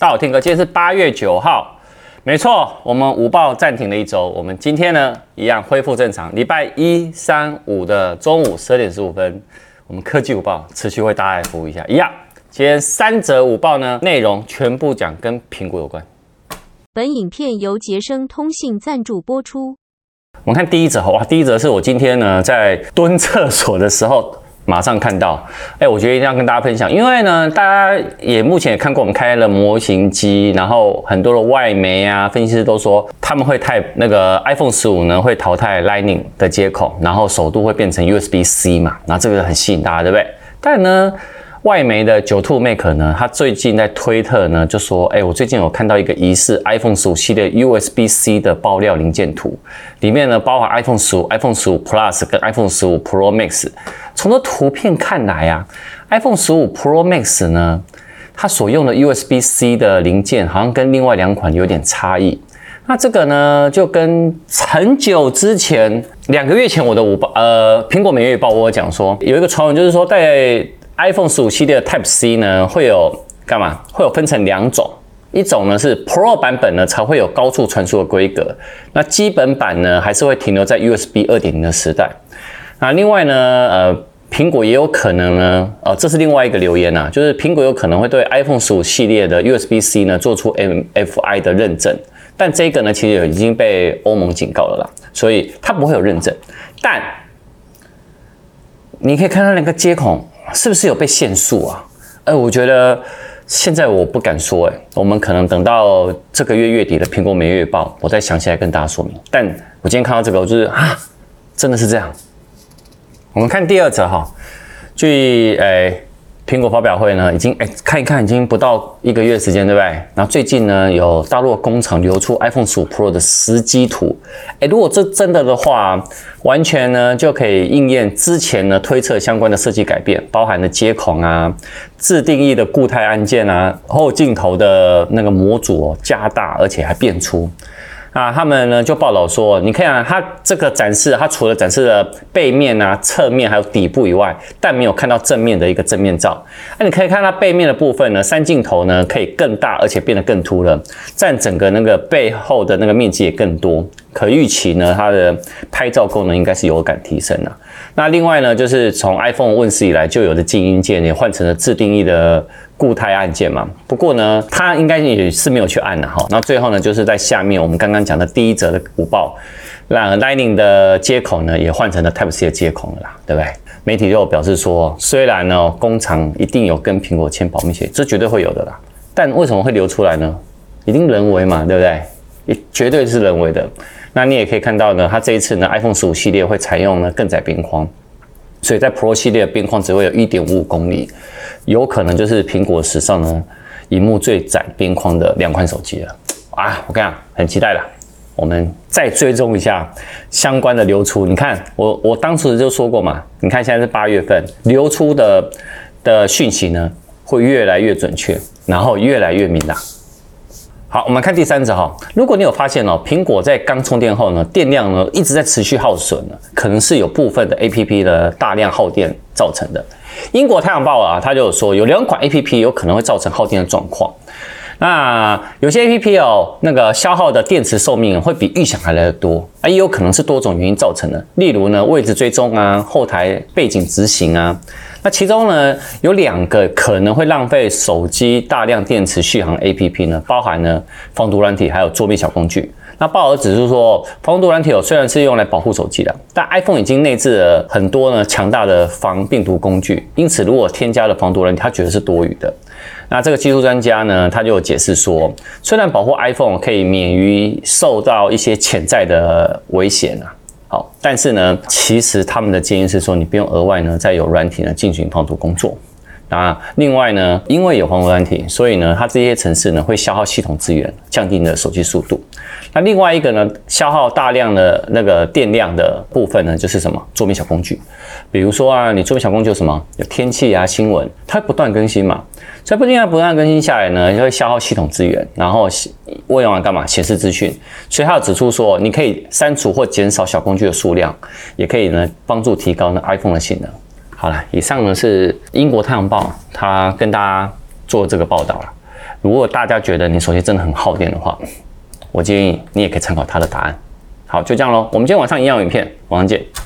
大家好，我 Tim 哥，今天是八月九號，沒錯，我們午報暫停了一周，我們今天呢一樣恢復正常。禮拜一、三、五的中午十二點十五分，我們科技午報持續為大家服務一下。一樣，今天三則午報呢內容全部講跟蘋果有關。本影片由傑昇通信贊助播出。我們看第一則，哇，第一則是我今天呢在蹲廁所的時候。馬上看到，哎、欸，我覺得一定要跟大家分享，因為呢，大家也目前也看過我們開了模型機，然後很多的外媒啊、分析師都說他們會太那個 iPhone 十五呢會淘汰 Lightning 的接口，然後首度會變成 USB-C 嘛，那這個很吸引大家，對不對？但呢。外媒的 9to5Mac 呢，他最近在推特呢就說，哎、欸，我最近有看到一個疑似 iPhone 十五系列 USB C 的爆料零件圖，裡面呢包含 15, iPhone 十五、iPhone 十五 Plus 跟 iPhone 十五 Pro Max。從這圖片看來啊，iPhone 十五 Pro Max 呢，它所用的 USB C 的零件好像跟另外兩款有點差異。那這個呢，就跟很久之前兩個月前我的五呃蘋果每月報跟我有講說，有一個傳聞就是說在 iPhone 十五系列的 Type C 呢，會有幹嘛？會有分成兩種，一種呢是 Pro 版本呢才會有高速傳輸的規格，那基本版呢還是會停留在 USB 二點零的時代。那另外呢，呃，蘋果也有可能呢，哦、呃，這是另外一個留言啊，就是蘋果有可能會對 iPhone 十五系列的 USB C 呢做出 MFI 的認證，但這個呢其實已經被歐盟警告了啦，所以它不會有認證。但你可以看到那個接孔。是不是有被限速啊？哎、欸，我覺得現在我不敢說、欸，哎，我們可能等到這個月月底的蘋果每月報，我再想起來跟大家說明。但我今天看到這個，我就是啊，真的是這樣。我們看第二則哈，據哎。欸蘋果發表會呢，已經哎、欸、看一看，已經不到一個月時間，對不對？然後最近呢，有大陸工廠流出 iPhone 15 Pro 的實機圖，哎、欸，如果這真的的話，完全呢就可以應驗之前呢推測相關的設計改變，包含了接孔啊、自定義的固態按鍵啊、後鏡頭的那個模組、哦、加大，而且還變粗。啊，他們呢就報道說，你看啊，它這個展示，它除了展示了背面啊、側面還有底部以外，但沒有看到正面的一個正面照。那、啊、你可以看到背面的部分呢，三鏡頭呢可以更大，而且變得更凸了，佔整個那個背後的那個面積也更多。可預期呢，它的拍照功能應該是有感提升的。那另外呢，就是從 iPhone 問世以來就有的靜音鍵也換成了自定義的固態按鍵嘛。不過呢，它應該也是沒有去按的哈。那最後呢，就是在下面我們剛剛講的第一則的鼓報，那 Lightning 的接口呢也換成了 Type C 的接口了啦，對不對？媒體就表示說，雖然呢工廠一定有跟蘋果簽保密協議，這絕對會有的啦。但為什麼會流出來呢？一定人為嘛，對不對？也絕對是人為的。那你也可以看到呢，它這一次呢，iPhone 十五系列會採用呢更窄邊框，所以在 Pro 系列的邊框只會有一點五五公釐，有可能就是蘋果史上呢熒幕最窄邊框的兩款手機了啊！我看，很期待啦，我們再追蹤一下相關的流出。你看，我我當時就說過嘛，你看現在是八月份，流出的的訊息呢會越來越準確，然後越來越明朗。好，我們看第三則哈、哦。如果你有發現哦，蘋果在剛充電後呢，電量呢一直在持續耗損呢，可能是有部分的 A P P 的大量耗電造成的。英國太陽報啊，它就有說有兩款 A P P 有可能會造成耗電的狀況。那有些 A P P 哦，那個消耗的電池壽命會比預想還來得多啊，也有可能是多種原因造成的，例如呢位置追蹤啊，後台背景執行啊。那其中呢，有兩個可能會浪費手機大量電池續航 APP 呢，包含呢防毒軟體還有桌面小工具。那報導指出說，防毒軟體雖然是用來保護手機的，但 iPhone 已經內置了很多呢強大的防病毒工具，因此如果添加了防毒軟體，他覺得是多餘的。那這個技術專家呢，他就解釋說，雖然保護 iPhone 可以免於受到一些潛在的危險啊。好，但是呢，其實他們的建議是說，你不用額外呢再有軟體呢進行防毒工作。那另外呢，因為有防毒軟體，所以呢，它這些程式呢會消耗系統資源，降低你的手機速度。那另外一個呢，消耗大量的那個電量的部分呢，就是什麼？桌面小工具，比如說啊，你桌面小工具有什麼？有天氣啊、新聞，它不斷更新嘛，所以不要不斷更新下來呢，你就會消耗系統資源，然後。也用網幹嘛顯示資訊？所以他有指出說，你可以刪除或減少小工具的數量，也可以呢幫助提高呢 iPhone 的性能。好了，以上呢是英國太陽報他跟大家做這個報道了。如果大家覺得你手機真的很耗電的話，我建議你也可以參考他的答案。好，就這樣咯，我們今天晚上一樣有影片，晚上見。